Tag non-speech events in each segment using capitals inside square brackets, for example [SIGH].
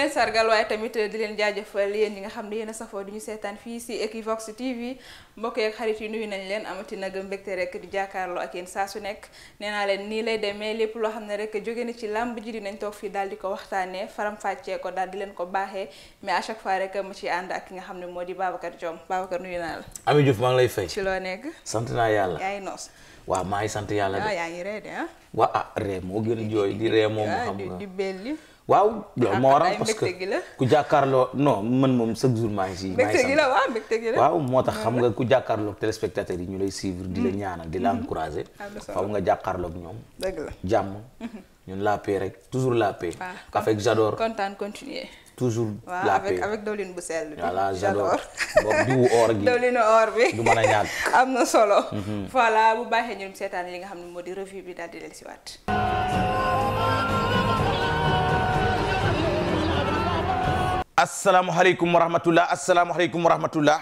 leen sargal waaye tamit di leen jaajëfal yéen ñi nga xam ne yéen a safoo di ñu seetaan fii si Equivox TV mbokk yeeg xarit yi nuyu nañ leen amati nag mbégte rek di jàkkaarloo ak yéen saa su nekk nee leen nii lay demee lépp loo xam ne rek jóge na ci làmb ji dinañ toog fii daal di ko waxtaanee faram-fàccee ko daal di leen ko baaxee mais à chaque fois rek mu ci ànd ak ki nga xam ne moo di Babacar Diom Babacar nuyu naa la. Ami Diouf maa ngi lay fay. ci loo nekk. sant naa yàlla yaa ah, yaa ngi ree de ah. ah a waaw loolu moo waral parce que ku jàkkaarloo non man moom chaque jour maa ngi si maa waaw gi la waaw moo tax xam nga ku jàkkaarloog téléspectateurs yi ñu lay suivre di la mm. ñaanal di la mm-hmm. encourager faaw nga jàkkaarloog ñoom dëgg jàmm mm-hmm. ñun la paix rek toujours la paix avec j'adore kontaan continuer toujours wow, la avec, paix avec diwlin bu sell bi. voilà j'adore boobu diwu or bi du mën a ñàkk [LAUGHS] am na solo. Mm-hmm. voilà bu baaxee ñun seetaan yi nga xam ne moo di revue bi daal di leen si waat. asalaamualeykum wa rahmatullah asalaamualeykum wa rahmatullah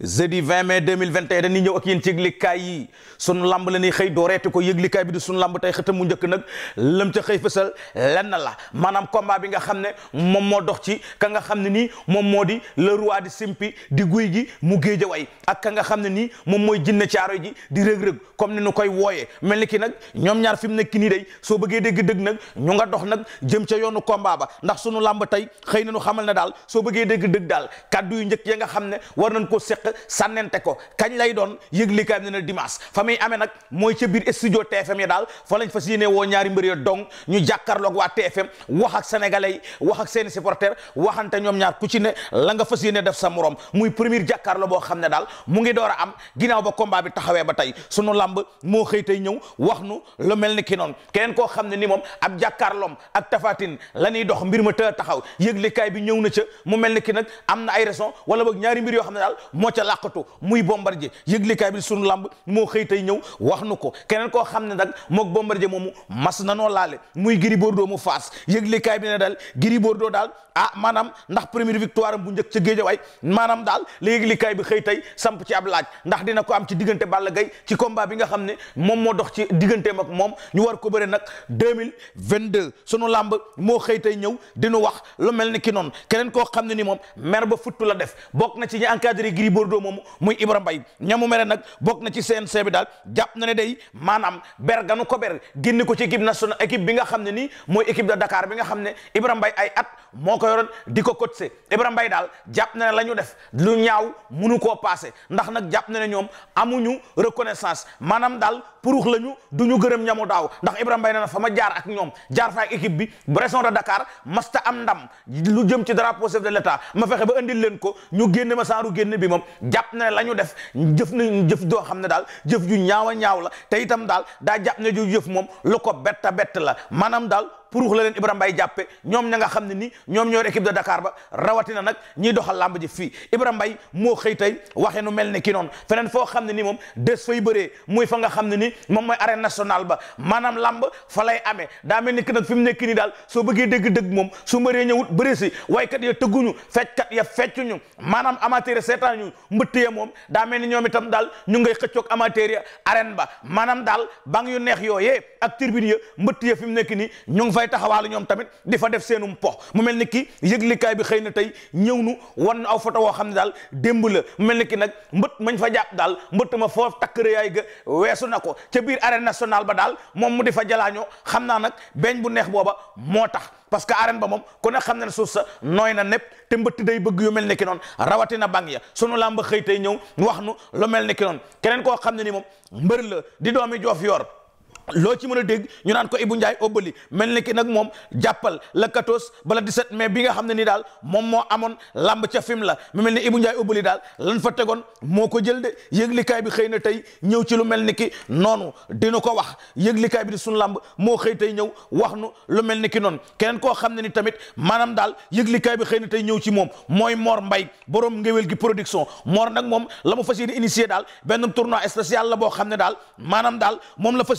jeudi 20 mai 2021 dañuy ñëw ak yéen ci yëglikaay yi sunu lamb la ñuy xëy dooreete ko yëglikaay bi di sunu lamb tey xëtam mu njëkk nag lëm ca xëy fësal lenn la maanaam combat bi nga xam ne moom moo dox ci ka nga xam ne nii moom moo di le roi di simpi di guy gi mu géej way ak ka nga xam ne nii moom mooy jinne caaro ji di rëg comme ni nu koy wooyee mel ni ki nag ñoom ñaar fi mu nekk nii day soo bëggee dégg dëgg nag ñu nga dox nag jëm ca yoonu combat ba ndax sunu lamb tey xëy na nu xamal na daal soo bëggee dégg dëgg daal kàddu yu njëkk ya nga xam ne war nañ ko seq sànnente ko kañ lay doon yëglikaay bi ne na dimanche fa muy amee nag mooy ca biir studio TFM yi daal fa lañ fas yéene woo ñaari mbër ya dong ñu jàkkaarloog waa TFM wax ak sénégalais yi wax ak seeni supporters waxante ñoom ñaar ku ci ne la nga fas yéene def sa morom muy premier jàkkaarloo boo xam ne daal mu ngi door a am ginnaaw ba combat bi taxawee ba tey sunu lamb moo xëy tey ñëw wax nu lu mel ni ki noonu keneen koo xam ne ni moom ab jàkkaarloom ak tafatin la ñuy dox mbir ma tëra taxaw yëglikaay bi ñëw na ca mu mel ni ki nag am na ca làqatu muy Bombardier yëglikaay bi sunu lamb moo xëy tey ñëw wax nu ko keneen koo xam ne nag mook Bombardier moomu mas na noo laale muy Gris Bordeaux mu faas yëglikaay bi ne daal Gris Bordeaux daal ah maanaam ndax première victoire am bu njëkk ca géejawaay maanaam daal la yëglikaay bi xëy tey samp ci ab laaj ndax dina ko am ci diggante Balla Gaye ci combat bi nga xam ne moom moo dox ci digganteem ak moom ñu war ko bëre nag 2022 sunu lamb moo xëy tey ñëw dinu wax lu mel ni ki noonu keneen koo xam ne ni mer ba futtu la def bokk na ci ñi encadré Gris lourdoo moomu muy Ibra Mbaye ñamu mere nag bokk na ci seen bi daal jàpp na ne day maanaam ber ganu ko ber génne ko ci équipe nationale équipe bi nga xam ne ni mooy équipe de Dakar bi nga xam ne Ibra Mbaye ay at moo ko yoroon di ko coaché Ibra Mbaye daal jàpp na la ñu def lu ñaaw munu koo passé ndax nag jàpp na ne ñoom amuñu reconnaissance maanaam daal purux la ñu du ñu gërëm ñamu daaw ndax Ibra Mbaye nee na fa ma jaar ak ñoom jaar fa ak équipe bi région de Dakar masta am ndam lu jëm ci dara chef de l'État ma fexe ba andil leen ko ñu génne ma saaru génne bi moom jàpp ne la ñu def jëf nañ jëf doo xam ne daal jëf ju ñaaw a ñaaw la teyitam daal daa jàpp ne ju jëf moom lu ko betta bett la maanaam daal purux la leen Ibrahima Mbaye jàppe ñoom ña nga xam ne ni ñoom ñoo équipe de Dakar ba rawatina nag ñiy doxal làmb ji fii Ibrahima Mbaye moo xëy tey waxee nu mel ni ki noonu feneen foo xam ne ni moom des fay bëree muy fa nga xam ne ni moom mooy arène nationale ba maanaam lamb fa lay amee daa mel ni ki nag fi mu nekk nii daal soo bëggee dégg-dëgg moom su mbëree ñëwut bëree si kat ya ñu tëgguñu kat ya feccuñu maanaam amateur seetaan ñu mbëtt ya moom daa ni ñoom itam daal ñu ngay xëccoog amateur ya arène ba maanaam daal bang yu neex yooyee ak tribune ya mbëtt fay taxawaalu ñoom tamit di fa def seenum po mu mel ni ki yëglikaay bi xëy na tey ñëw nu wan aw foo woo xam ne daal démb la mu mel ni ki nag mbët mañ fa jàpp daal mbët ma foofu takk rëyaay ga weesu na ko ca biir arène nationale ba daal moom mu di fa jalaañoo xam naa nag beñ bu neex booba moo tax parce que arène ba moom ku ne xam ne suuf sa nooy na nepp te mbëtt day bëgg yu mel ni ki noon rawatina bang ya su sunu làmb xëy tey ñëw wax nu lu mel ni ki noon keneen koo xam ne ni moom mbër la di doomi joof yor loo ci mën a dégg ñu naan ko Ibou Ndiaye Obali mel ni ki nag moom jàppal la 14 bala la 17 mais bi nga xam ne ni daal moom moo amoon lamb ca fim la mu mel ni Ibou njaay Obali daal lan fa tegoon moo ko jël de yëglikaay bi xëy na tey ñëw ci lu mel ni ki noonu dina ko wax yëglikaay bi di sunu làmb moo xëy tey ñëw wax nu lu mel ni ki noonu keneen koo xam ne ni tamit maanaam daal yëglikaay bi xëy na tey ñëw ci moom mooy Mor Mbay borom ngéwél gi production Mor nag moom la mu fas yéene initier daal benn tournoi spécial la boo xam ne daal maanaam daal la fas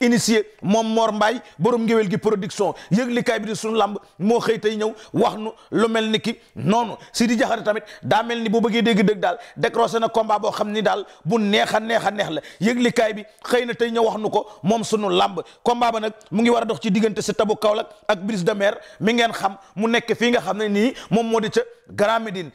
Sénégal moom Mor Mbaye borom ngéwél gi production yëglikaay bi di su lamb moo xëy tey ñëw wax nu lu mel ni ki noonu si di jaxare tamit daa mel ni boo bëggee dégg dëgg daal décroché na combat boo xam ni daal bu neex a neex a neex la yëglikaay bi xëy na tey ñëw wax nu ko moom sunu lamb combat ba nag mu ngi war dox ci diggante si tabu Kaolack ak brise de mer mi ngeen xam mu nekk fii nga xam ne nii moom moo di ca Grand Médine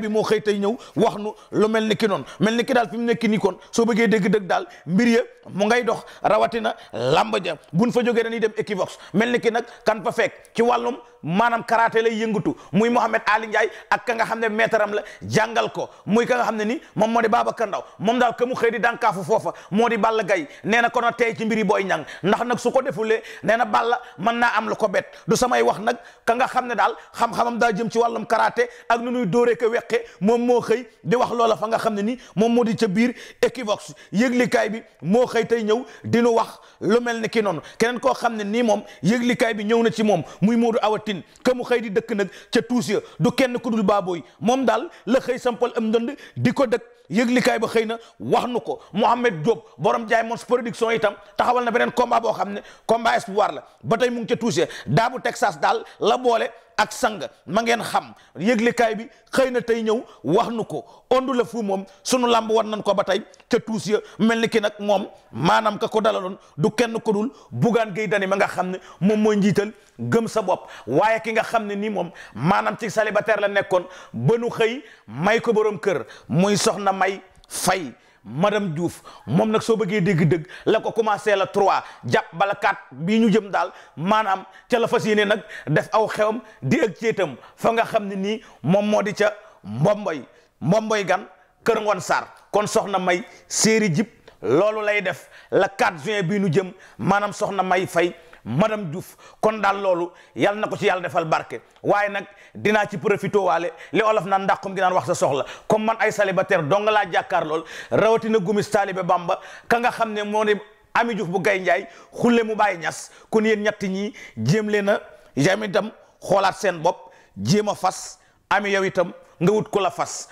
bi moo xëy tey ñëw wax nu lu mel ni ki noonu mel ni ki daal fi mu nekk nii kon soo bëggee dégg dëgg daal mbir ya mu ngay dox rawatina lamba ja buñ fa jógee na dañuy dem Equivox mel ni kii nag kan fa fekk ci wàllum maanam karaté lay yëngatu muy Mohamed Ali Ndiaye ak ka nga xam ne maître-am la jàngal ko muy ka xam ne ni moom moo di Babacar Ndaw moom daal ka xëy di dànkaafu foofa moo di Balla Gaye nee na tey ci mbiri Boy Niang ndax nag su ko defulee nee na Balla mën naa am lu ko bet du samay wax nag ka nga xam ne daal xam daa jëm ci wàllum karaté ak nu nuy dóoree ko weqe moom xëy di wax fa nga xam ne ni moom moo di ca biir Equivox yëglikaay bi moo xëy tey ñëw di lu wax lu mel ni ki noonu keneen koo xam ne nii moom yëglikaay bi ñëw na ci moom muy Modou Awa Tine ka xëy di dëkk nag ca tuus ya du kenn ku baa booy moom daal la xëy sampal am ndënd di ko dëkk yëglikaay ba xëy na wax nu ko Mouhamed Diop borom jaay mons production itam taxawal na beneen combat boo xam ne combat espoir la ba tey mu ngi ca tuus ya daabu Texas daal la boole ak sang ma ngeen xam yëglekaay bi xëy na tey ñëw wax nu ko ondu la fu moom sunu làmb war nañ ko ba tey ca tuus ya mel ni ki nag moom maanaam ka ko dalaloon du kenn ko dul Bougane Gueye Dany ma nga xam ne moom mooy njiital gëm sa bopp waaye ki nga xam ne nii moom maanaam ci célibataire la nekkoon ba nu xëy may ko borom kër muy soxna may fay madame Diouf moom nag soo bëggee dégg-dëgg la ko commencé la trois jàpp bala quatre bii ñu jëm daal maanaam ca la fas yéene nag def aw xewam di ak céetam fa nga xam ne nii moom moo di ca mbomboy mbomboy gan kër ngoon Sarr kon soxna may séeri jib loolu lay def la 4 juin bii nu jëm maanaam soxna may fay madame Diouf kon daal loolu yal na ko ci yàlla defal barke waaye nag dinaa ci profité waale li olof naan ndàqum gi naan wax sa soxla comme man ay célibataire dong laa jàkkaar lool rawatina gumis taalibe Bamba ka nga xam ne moo ne Ami Diouf bu gay njaay xulle mu bàyyi ñas kon yéen ñetti ñii jéem leen a jam itam xoolaat seen bopp jéem a fas ami yow itam nga wut ko la fas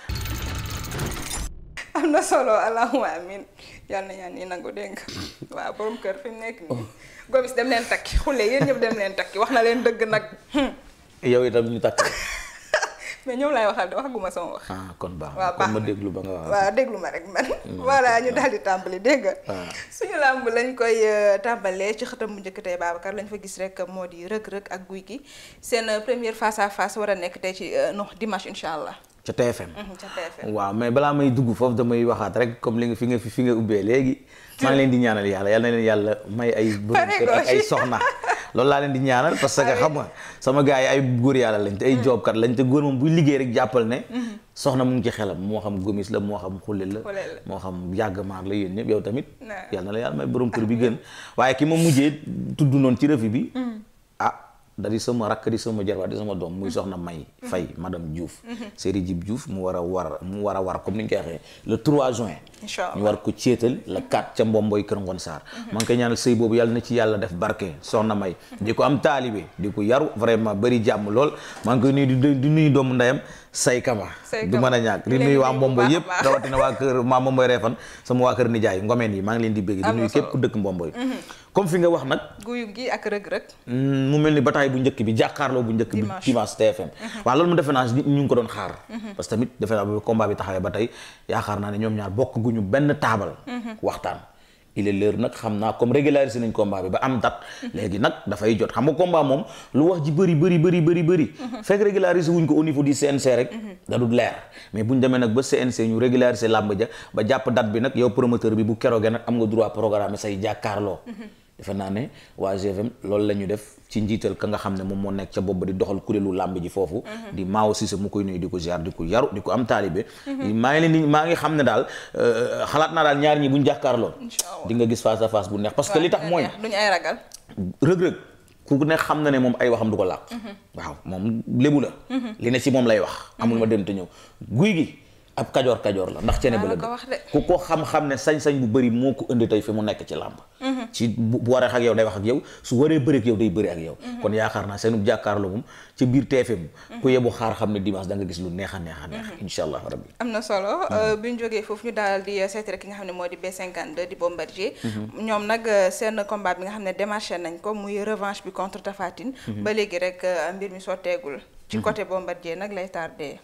am na solo allahumma amin yal na ñaan ñi nangu dégg nga waaw borom kër fi nekk nii oh. gomis dem leen takki xulle yéen ñëpp dem leen takki wax na leen dëgg nag hmm. yow itam ñu takk [LAUGHS] mais ñoom laay waxal de waxaguma sama wax. ah kon baax waaw kon ma déglu ba nga. waaw déglu ma rek man. Hmm. voilà ñu ah. daal di tàmbali dégg nga. Ah. suñu làmb lañ koy euh, tàmbalee ci xëtam bu njëkk tey Babacar lañ fa gis rek moo di rëg rëg ak guy gi seen euh, première face à face war a nekk tey ci euh, non dimanche incha allah. ca TFM. Mhm, ca waaw mais balaa may dugg foofu damay waxaat rek comme li nga fi nga fi nga ubbee léegi. maa ngi leen di ñaanal yàlla yal na leen yàlla may ay. borom kër loolu laa leen di ñaanal parce que xam nga sama gars yi ay góor yàlla lañ te ay mhm. lañ te góor moom buy liggéey rek jàppal ne mhm. soxna mu ngi ci moo xam gomis la moo xam xulle la moo xam yàgg maar la yéen ñëpp yow tamit yàlla kër bi gën waaye ki ma mujjee tudd noonu ci rëfi bi da di sama rakk di sama jarwaat di sama doom muy mm-hmm. soxna May mm-hmm. Fay madame Diouf mm-hmm. Seydi Djib Diouf mu war a war mu war a war comme ni ñu koy waxee le 3 juin ñu war ko céetal le 4 ca mbomboy kër Ngon Sarr ma ngi koy ñaanal sëy boobu yàlla na ci yàlla def barke soxna May di ko am taalibe di ko yaru vraiment bari jàmm lool man ngi koy nuyu di nuyu doomu ndeyam say kama du mën a ñàkk di nuyu waa Mbomboy yëpp rawatina waa kër maa Mbomboy reefan sama waa kër nijaay ngomeen yi maa ngi leen di bégg di nuyu képp ku dëkk Mbomboy mhm. comme fi nga wax nag guy gi ak mm, mu mel ni bataay bu njëkk bi jàkkaarloo bu njëkk bi dimanche TFM mhm. waaw loolu mu defe naa ñu ngi ko doon xaar mhm. parce que tamit defe naa bu combat bi taxawee ba tey yaakaar naa ne ñoom ñaar bokk guñu benn taabal waxtaan il est l'heure nag xam naa comme régulariser nañ combat bi ba am date léegi nag dafay jot xam nga combat moom lu wax ji bëri bëri bëri bëri bëri fekk régulariser wuñ ko au niveau du CNC rek da dul leer mais buñ demee nag ba CNC ñu régulariser làmb ja ba jàpp date bi nag yow promoteur bi bu keroogee nag am nga droit programmer say jàkkaarloo defe naa ne waa GFM loolu la def ci njiital ka nga xam ne moom moo nekk ca boobu di doxal kuréelu làmb ji foofu mhm. di Mao Cissé mu koy nuyu di ko ziar di ko yaru di ko am taalibe mhm. maa ngi leen maa ngi xam ne daal euh, xalaat naa daal ñaar ñi bu ñu jàkkaarloo di gis face à bu neex parce li tax mooy rëg-rëg ku ne xam na ne moom ay waxam du ko làq mhm. waaw moom lébu la li ne ci moom lay wax amul ma dem te ñëw guy gi ab kajoor kajoor la ndax cene ba la wax ku ko xam-xam ne sañ-sañ bu bëri moo ko indi tey fi mu nekk ci làmb mhm. ci bu waree ak yow day wax ak yow su waree bëri ak yow day bëri ak yow mhm. kon yaakaar naa seenub jàkkaarloo moom ci biir TFM mhm. ku yebu xaar xam ne dimanche da nga gis lu neex a neex a neex insha allah rabbi am na solo euh, bi ñu jógee foofu ñu daal di seet rek ki nga xam ne moo di B52 di Bombardier ñoom nag euh, seen combat bi nga xam ne démarché nañ ko muy revanche bi contre Tapha ba léegi rek euh, mbir mi sotteegul ci côté Bombardier nag lay tardé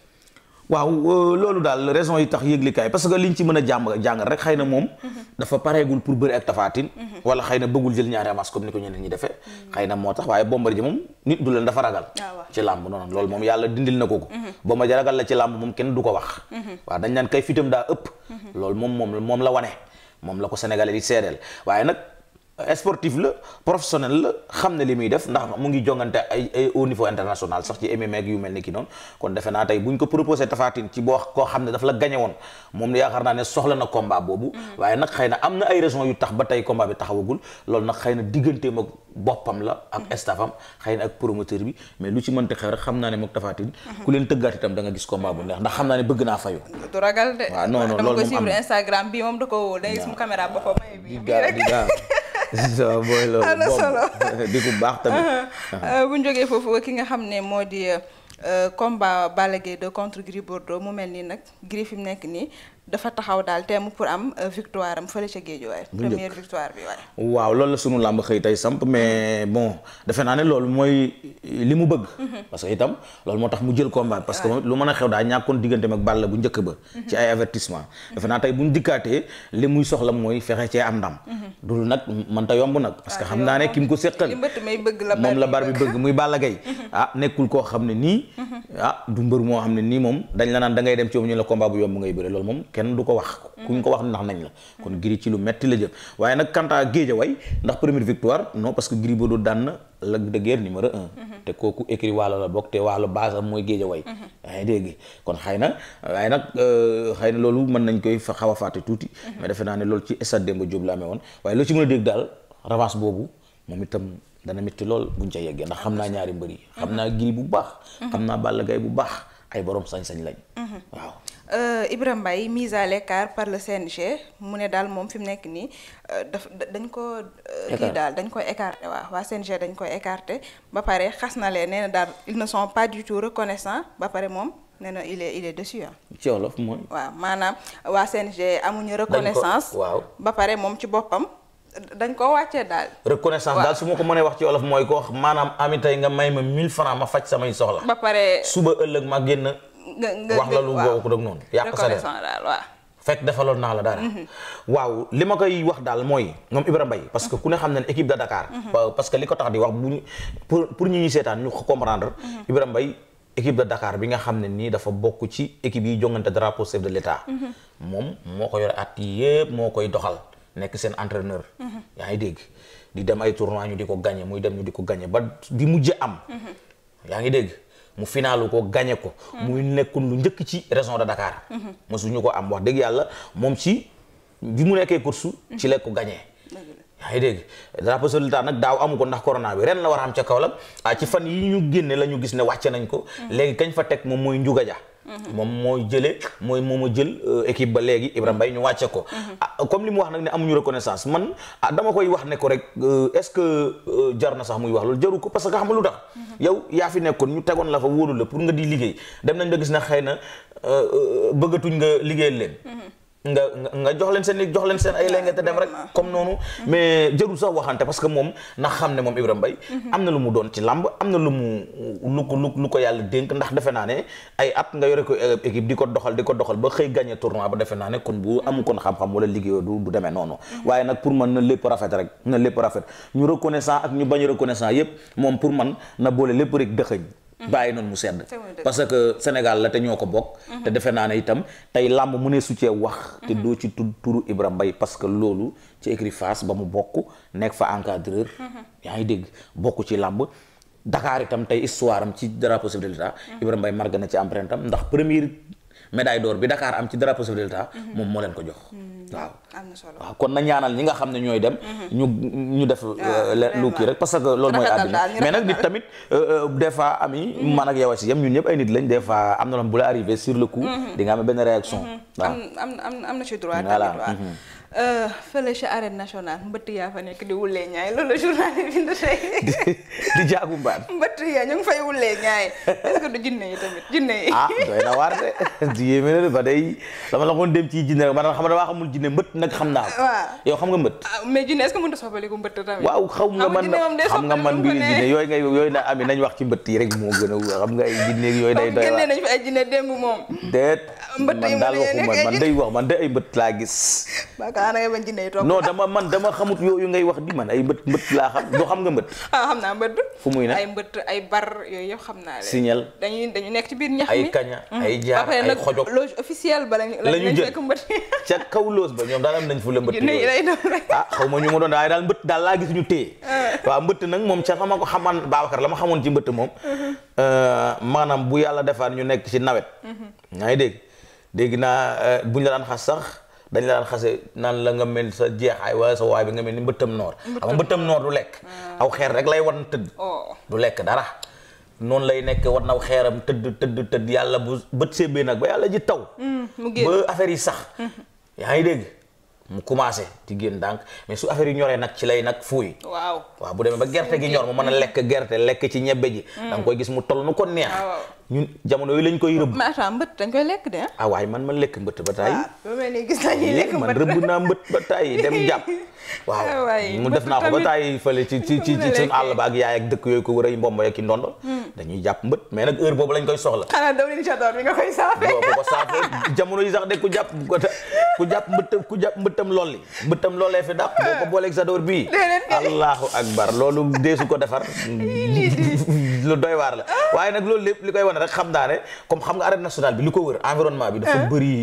waaw euh, loolu daal raison yi tax yëglikaay parce que li liñ ci mën a jàmm jàngal rek xëy na moom mhm. dafa pareegul pour bëri ak tafaatin mhm. wala xëy na bëggul jël ñaari avance comme ni ko ñeneen ñi defee mhm. xëy na moo tax waaye Bombardier moom nit du leen dafa ragal ah, ci làmb noonu loolu moom yàlla dindil na ko ko Bombardier ragal la ci làmb moom kenn du ko wax waaw dañ naan kay fitam daa ëpp loolu moom moom moom la wane moom la ko sénégalais di seedeel waaye nag sportif la professionnel la xam ne li muy def ndax mu ngi jongante ay au niveau international sax ci MMA yu mel ni ki noonu kon defe naa tey bu ko proposé tafaatin ci boo koo xam ne dafa la gagné woon moom yaakaar naa ne soxla na combat boobu mm-hmm. waaye nag xëy na am na ay raison yu tax ba tey combat bi taxawagul loolu nag xëy na digganteem ak boppam la ak mm-hmm. staffam na ak promoteur bi lu ci mënti xew rek xam naa ne mook tafaatin mm-hmm. ku leen tëggaat itam da nga ne bëgg naa fayu du ragal Instagram bi moom da ko da gis mu caméra boppam [LAUGHS] [LAUGHS] so mooy loolu am na solo [LAUGHS] baax tamit uh-huh. Uh-huh. Uh, bu jógee foofu ki nga xam ne moo di uh, combat Balla Gaye 2 contre Gris Bordeaux mu mel nii nag Gris fi mu nekk nii dafa taxaw daal temm pour am euh, victoire am fële ca Géejawaay première waaye waaw loolu la sunu làmb xëy tey samp mais bon defe naa ne loolu mooy li mu bëgg mhm. parce que itam loolu moo tax mu jël combat parce que lu mën a xew daa ñàkkoon digganteem ak Balla bu njëkk ba mhm. ci naa tey bu ñu dikkaatee li muy soxla mooy fexe cee am ndam mhm. dul nag man ta yomb nag parce que ah, xam naa ne ki mu ko séqal moom la bar bi bëgg muy Balla Gaye ah nekkul koo xam ne nii ah du mbër moo xam ne nii moom dañ la naan da dem ci moom ñu la combat bu yomb kenn du ko wax mm-hmm. kuñ ko wax ndax nañ la kon Gris ci lu metti la jëm waaye nag quant à Guédiawaye ndax première victoire non parce que Gris Bordeaux daan na Lac de Guiers numéro un mm-hmm. te kooku écrit waalo la bokk te waalo base mooy Guédiawaye mm-hmm. yaa ngi dégg kon xëy na waaye nag euh, xëy na loolu mën nañ koy xaw a fàtte tuuti ma defe naa ne loolu ci stade Demba Diop la amee woon waaye loo ci mën a dégg daal revanche boobu moom itam dana métti lool bu buñ ca yeggee ndax xam naa ñaari mbër yi xam naa Gris bu baax xam bu baax ay borom sañ-sañ lañ. Mhm. waaw. Euh, Ibrahima Mbaye mise à l'écart par le CNG mu ne daal moom fi nekk nii euh, daf dañ ko euh, kii daal dañ koy écarté waaw waa CNG dañ koy écarté ba pare xas na leen nee na daal ils ne sont pas du tout reconnaissants ba pare moom nee il est il est dessus ci wolof mooy. waaw maanaam waa CNG amuñu reconnaissance. ba pare moom ci boppam. dañ koo wàccee daal. reconnaissance daal su ma ko mënee wax ci olof mooy ko wax maanaam ami tey nga may ma 1000 francs ma faj samay soxla. ba pare suba ëllëg ma génn. nga wax la lu boobu ko dog noonu. yàq sa daal fekk defaloon naa la daal mhm. waaw li ma koy wax daal mooy moom Ibra Mbaye parce que ku ne xam na ne équipe mhm. parce que li ko tax di wax bu pour pour ñu ñuy seetaan ñu comprendre. Mhm. Ibra Mbaye équipe de Dakar bi nga xam ne nii dafa bokk ci équipe yi jongante drapeau chef de l' moom moo ko yore at yépp moo koy doxal. nekk seen entraîneur. yaa ngi dégg di dem ay tournoi ñu di ko gagné muy dem di ko gagné ba di mujj am. yaa ngi dégg mu finaalu ko gagné ko. muy nekkul lu njëkk ci région de Dakar. mosuñu ko am wax dëgg yàlla moom ci bi mu nekkee course ci lekk ko gagné. yaa ngi dégg drapeau solitaire nag daaw amu ko ndax corona bi ren la war a am ca Kaolack ah ci fan yi ñu génne la gis ne wax wàcce nañ ko. Mm. léegi kañ fa teg moom mooy Ndiouga Dia moom moo jëlee mooy moom a jël euh, équipe ba léegi Ibrahima Mbaye ñu wàcce ko mhm. ah, comme li mu wax nag ne amuñu reconnaissance man ah dama koy wax ne ko rek euh, est-ce que euh, jar na sax muy wax loolu jaru ko parce que xam lu tax mhm. yow yaa fi nekkoon ñu tegoon la fa wóolu la pour nga di liggéey dem nañ ba gis na xëy na bëggatuñ nga liggéeyal leen mhm. nga nga jox leen seen i jox leen seen ay lenge te dem rek comme noonu mhm. mais jërul sax waxante parce que moom ndax xam ne moom Ibrahima Mbaye mhm. am na lu mu doon ci làmb am na lu mu lu ko ko yàlla dénk ndax defe naa ne ay at nga yore ko euh, équipe di ko doxal di ko doxal ba xëy gagné tournoi ba defe naa ne kon bu mhm. amu kon xam-xam wala liggéeyoo du du demee noonu waaye nag pour man na lépp rafet rek na lépp rafet ñu reconnaissant ak ñu bañ reconnaissant yépp moom pour man na boole lépp Mm-hmm. bàyyi noonu mu sedd parce que Sénégal la te ñoo ko bokk mm-hmm. te defe naa ne itam tey làmb mu ne su cee wax te mm-hmm. doo ci tudd turu Ibra mbay parce que loolu ci écurie Fass ba mu bokk nekk fa encadreur yaa ngi dégg bokk ci làmb Dakar itam tey histoire am ci drapeau chef de l'État Ibra Mbaye marqué na ci empreinte am ndax premier médaille d'or bi Dakar am ci drapeau chef de l'État moom moo leen ko jox hmm. waaw waaw kon na ñaanal ñi nga xam ne ñooy dem hmm. ñu ñu def ah, euh, lu kii rek parce que loolu mooy àddina mais nag nit tamit euh, euh, des fois ami hmm. man ak yow a si yem ñëpp ay nit lañ des fois am na loon bu la arrivé sur le coup di nga benn réaction waaw am am am na ci droit tamit waaw Eh, fële ca arène nationale mbëtt yaa fa nekk di wulee ñaay loolu la journal bi bind tey di jaagu mbaat [LAUGHS] mbëtt yaa ñu ngi fay wulee ñaay est-ce que du jinne yi tamit jinne yi ah doy na waar de [LAUGHS] di yéeme na ba day dama la ngoon dem ci jinne rek man xam na waa xamul jinne mbëtt nag xam naa waaw yow xam nga mbëtt ah, mais jinne est-ce que mën ta soppaliku mbëtt tamit waaw xam nga man xam nga man mbiri jinne yooyu yooyu na ami nañ wax ci mbëtt yi rek moo gën a xam nga ay jinne yooyu day doy waar nañ fi ay jinne démb moom déet man waxu man man day wax man day ay mbëtt laa gis dangay bañ jinne yi topp non dama man dama xamut yooyu ngay wax di man ay mbët mbët laa xam doo xam nga mbët ah xam naa mbët fu muy nag ay mbët ay bar yooyu yëpp xam naa signal hmm. ba lañ lañu jël mbët ca kaw loge ba ñoom daal am nañ ah, ma ñu ma doon waaye daal mbët daal laa gis ñu téye ah. waaw mbët nag moom ca sama ko xaman Babacar la ma xamoon ci mbët moom uh-huh. euh, maanaam bu yàlla defaan ñu nekk ci nawet uh-huh. yaa dégg dégg naa euh, buñ la daan xas sax dañ la daan xase naan la nga mel sa jeexaay wala sa waay bi nga mel ni mbëttam noor xam mbëttam noor du lekk ah. aw xeer rek lay wan tëdd oh. du lekk dara noonu lay nekk war naw xeeram tëdd tëdd tëdd yàlla bu bët sébee nag ba yàlla ji taw mm, ba affaire yi sax mm-hmm. yaa ngi dégg mu commencé ci génn dank mais su affaire yi ñoree nag ci lay nag fuuy waaw waaw bu demee ba gerte gi ñor mu mën a lekk gerte lekk ci ñebbe ji mm. da koy gis mu toll nu ko neex ah, ñun jamono yooyu lañ koy rëbb. mais a mbët dañ koy lekk de ah. ah waaye man ah, eh, man lekk mbët ba taay. waaw man rëbb naa mbët ba taay dem jàpp. [LAUGHS] waaw ah, mu def naa ko ba taay fële ci ci ci ci suñu àll ba ak yaay ak dëkk yooyu ko wër ay mbombo ak i ndondo hmm. dañuy jàpp mbët mais nag heure boobu lañ koy soxla xanaa daw ni jador bi nga koy saafee boo ko saafee jamono yi sax de ku jàpp ku jàpp mbët lool jàpp mbëtam lolli mbëtam lollee fi dàq boo ko booleeg jador bii [LAUGHS] allahu akbar loolu deesu ko defar [LAUGHS] lu doy waar la ah. waaye nag loolu lépp li koy wane rek xam naa ne comme xam nga arène nationale bi li ko wër environnement bi dafa ah. bëri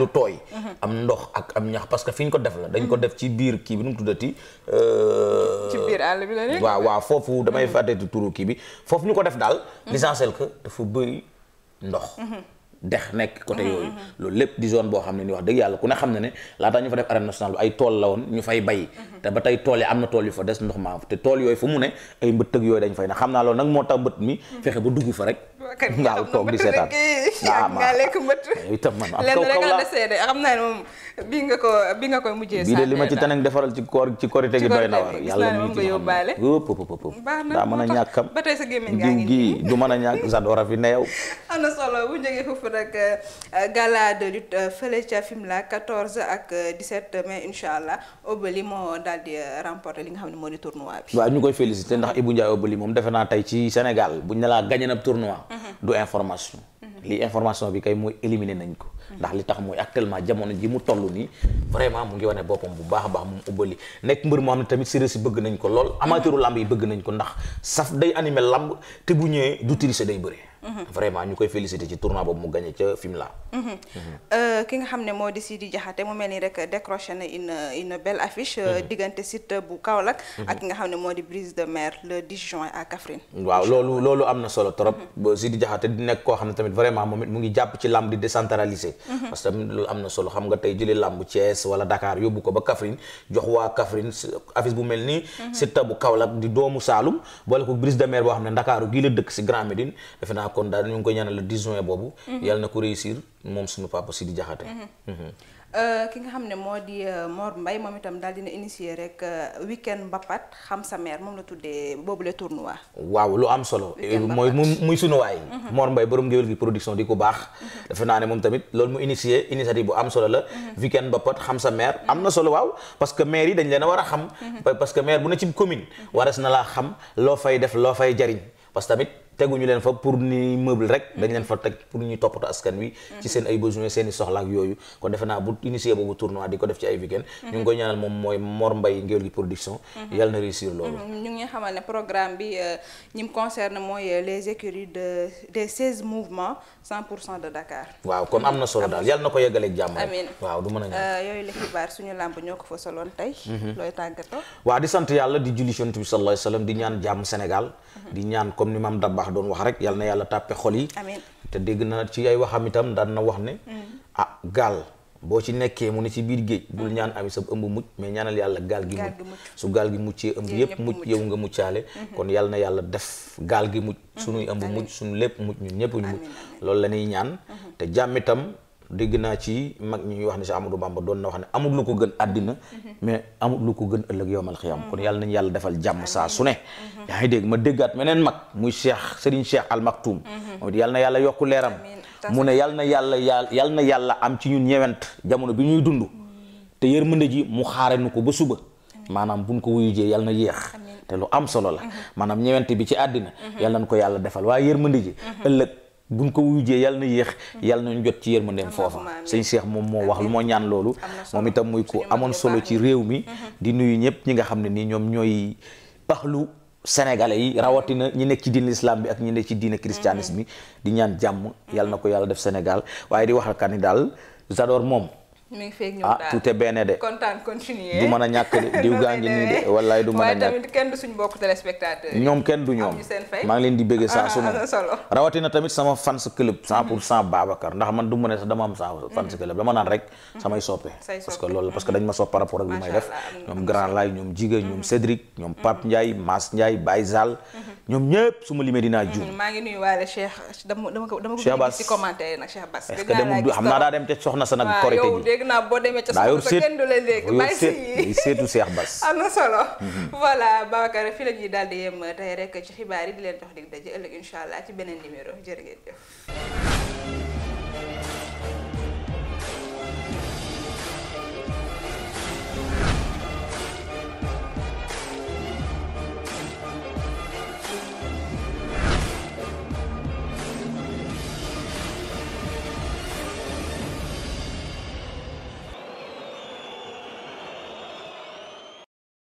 lu tooy mhm. am ndox ak am ñax parce que fi ñu ko def la dañ ko mhm. def ci biir kii bi nu mu tuddati euh, ci waaw waaw foofu damay mhm. fàtte turu kii bi foofu ñu ko def daal l'essentiel que dafa bëri ndox dex nekk côté mm-hmm. yooyu loolu lépp di zone boo xam ne ni wax dëgg yàlla ku ne xam ne ne laataa ñu fa def arène nationale ay tool la woon ñu fay bay mm-hmm. te ba tey tool yi am na tool yu fa des ndox maa te tool yooyu fu mu ne ay mbëtt ak yooyu dañ fay na xam naa loolu nag moo tax mbëtt mi mm-hmm. fexe ba dugg fa rek waaw toog di seetaan ah ma am kaw kaw la xam naa ne moom bii nga ko mujjee. bii li ma ci tànn defaral ci ci korite gi doy na war yàlla mi ci xam ne wóop a ñàkkam sa gémmiñ a ñàkk Zadora fi ne yow. am na solo bu jógee foofu nag gala de lutte eh, fële ca Fimela 14 ak 17 eh, mai incha allah Obali moo daal eh, remporter li nga xam ne moo di tournoi bi. waaw ñu koy féliciter ndax Ibou Ndiaye Obali moom defe naa tey ci Sénégal bu ne laa gagné du information lii information bi kay mooy éliminer nañ ko ndax li tax mooy actuellement jamono ji mu toll nii vraiment mu ngi wane boppam bu baax baax mu ubbali nekk mbër moo xam ne tamit séréer si bëgg nañ ko lool amateuru lamb yi bëgg nañ ko ndax saf day anime lamb te bu ñëwee du tricher day bëri Mhm. vraiment ñu koy féliciter ci tournoi boobu mu gagné ca Fimela. Mhm. Euh, ki nga xam ne moo di Sidi Diakhaté mu mel ni rek décroché na une belle affiche. Euh, mhm. diggante site bu Kaolack. ak nga xam ne moo di brise de mer le 10 juin à Kaffrine. waaw loolu loolu am na solo trop. ba Sidi Diakhaté di nekk koo xam ne tamit vraiment mu ngi jàpp ci làmb di décentraliser. parce que am na solo xam nga tey jëlee làmb Thiès wala Dakar yóbbu ko ba Kaffrine jox waa Kaffrine affiche bu mel kon daal ñu ngi koy ñaanal le 10 juin boobu. yàlla na ko réussir moom suñu papa si di jaxate. ki nga xam ne moo di euh, Mor Mbaye moom itam daal dina initier rek euh, weekend mbapat xam sa mère moom la tuddee boobule tournoi. waaw lu am solo. mooy muy sunu waay. Mhm. Mor Mbaye borom géwél gi production di ko baax. Mhm. defe naa ne moom tamit loolu mu initier initiative bu am solo la. Mhm. weekend mbapat xam sa mère am na solo waaw parce que maire yi dañ leen a war a xam. parce que maire bu na ci commune. waras na laa xam loo fay def loo fay jariñ parce tamit. teguñu leen fa pour ni meuble rek mm. dañ leen fa teg pour ñuy toppatoo askan wi ci seen ay besoin seen i soxla ak yooyu kon defe naa bu initié boobu tournoi di ko def ci ay weekend ñu ngi koy ñaanal moom mooy Mor Mbaye Ngéwél gi production yàlla na réussir loolu ñu ngi xamal ne programme bi euh, ñi concerne mooy euh, les écuries de des seize mouvements de Dakar waaw kon am na solo daal na ko yeggaleeg jàmm amiin waaw du mën a ñaan euh, yooyu la xibaar suñu baax doon wax rek yal na yàlla tàppe xol yi te dégg na ci ay waxam itam daan na wax ne mm. ah gaal boo ci nekkee mu ne ci biir géej bul mm. ñaan ami sa ëmb mucc mais ñaanal yàlla gaal gi mucc su gaal gi muccee ëmb yépp mucc yow nga muccaale mm-hmm. kon yal na yàlla def gaal gi mucc mm-hmm. sunuy ëmb mucc sunu lépp mucc ñun ñépp ñu mucc loolu la ñuy ñaan mm-hmm. te jàmm dégg naa ci mag ñi ñuy wax ne si Amadou Bamba doon na wax ne amul lu ko gën àddina mais amul lu ko gën ëllëg yowmal xiyam kon yàlla nañ yàlla defal jàmm saa su ne yaa ngi dégg ma déggaat meneen mag muy Cheikh Serigne Cheikh Al ma moom yàlla na yàlla yokku leeram mu ne yàlla na yàlla yàlla na yàlla am ci ñun ñewent jamono bi ñuy dund te yërmande ji mu xaare nu ko ba suba maanaam buñ ko wuyu jee yàlla na yéex te lu am solo la maanaam ñewent bi ci àddina yàlla nañ ko yàlla defal waaye yërmande ëllëg buñ ko wujjee yàlla na yéex mm-hmm. yàlla nañ jot ci yërmandeem foofa sëñ Cheikh moom moo wax lu moo ñaan loolu moom itam muy ko amoon solo ci réew mi mm-hmm. di nuyu ñëpp ñi nga xam ne nii ñoom ñooy lu sénégalais yi rawatina ñi nekk ci diin islam bi ak ñi nekk ci diine christianisme bi mm-hmm. di ñaan jàmm yàlla na ko yàlla def Sénégal waaye di wax ak ni daal Zador moom mi ngi feeg ñëw ah, daal ah tuuti de. kontaan continuer du mën a ñàkk de [LAUGHS] diw gaa ngi nii de wallaay du mën a ñàkk waaye kenn du suñu bokk téléspectateur ñoom kenn du ñoom maa ngi leen di bëggee saa su ne ah, solo rawatina tamit sama fans club 100 pour cent Babacar ndax man du ma ne sax dama am sa fans mm-hmm. club dama naan rek samay mm-hmm. soppe parce que loolu parce que dañ ma sopp par rapport ak lu may def ñoom Grand Laye ñoom Jiga ñoom mm-hmm. Cédric ñoom Pape Ndiaye Mass Ndiaye Baye Zal ñoom ñëpp su ma limee dinaa juum maa ngi nuyu ce que dem xam naa daa sa nag korité dégg naa boo demee ca soxna sa kenn du la léegi bàyyi si yi seetu Seex Bas [LAUGHS] am na solo mm-hmm. voilà Babacar fi la ñuy daal di yem tey rek ci xibaar yi di leen jox dig daje ëllëg incha allah ci beneen numéro jërë ngeen jëf